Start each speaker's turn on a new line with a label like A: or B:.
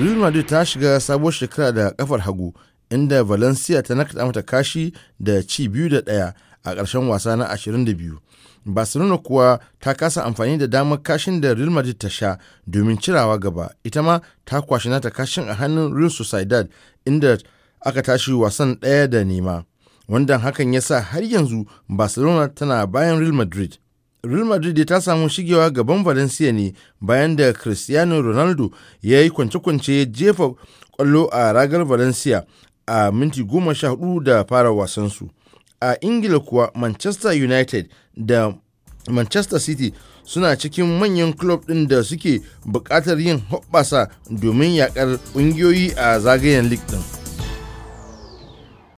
A: real madrid ta shiga sabuwar shekara da kafar hagu inda valencia ta nakata mata kashi da ci biyu da ɗaya a ƙarshen wasa na 22 barcelona kuwa ta kasa amfani da damar kashin da real madrid ta sha domin cirawa gaba ita ma ta kwashi nata kashin a hannun real sociedad inda aka tashi wasan ɗaya da nema wanda hakan ya sa har yanzu barcelona tana bayan real madrid real madrid ta samu shigewa gaban valencia ne bayan da cristiano ronaldo ya yi kwance-kwance jefa kwallo a ragar valencia a minti goma sha hudu da fara wasansu a ingila kuwa manchester united da manchester city suna cikin manyan club ɗin da suke buƙatar yin hoɓɓasa domin yaƙar ƙungiyoyi a zagayen league ɗin.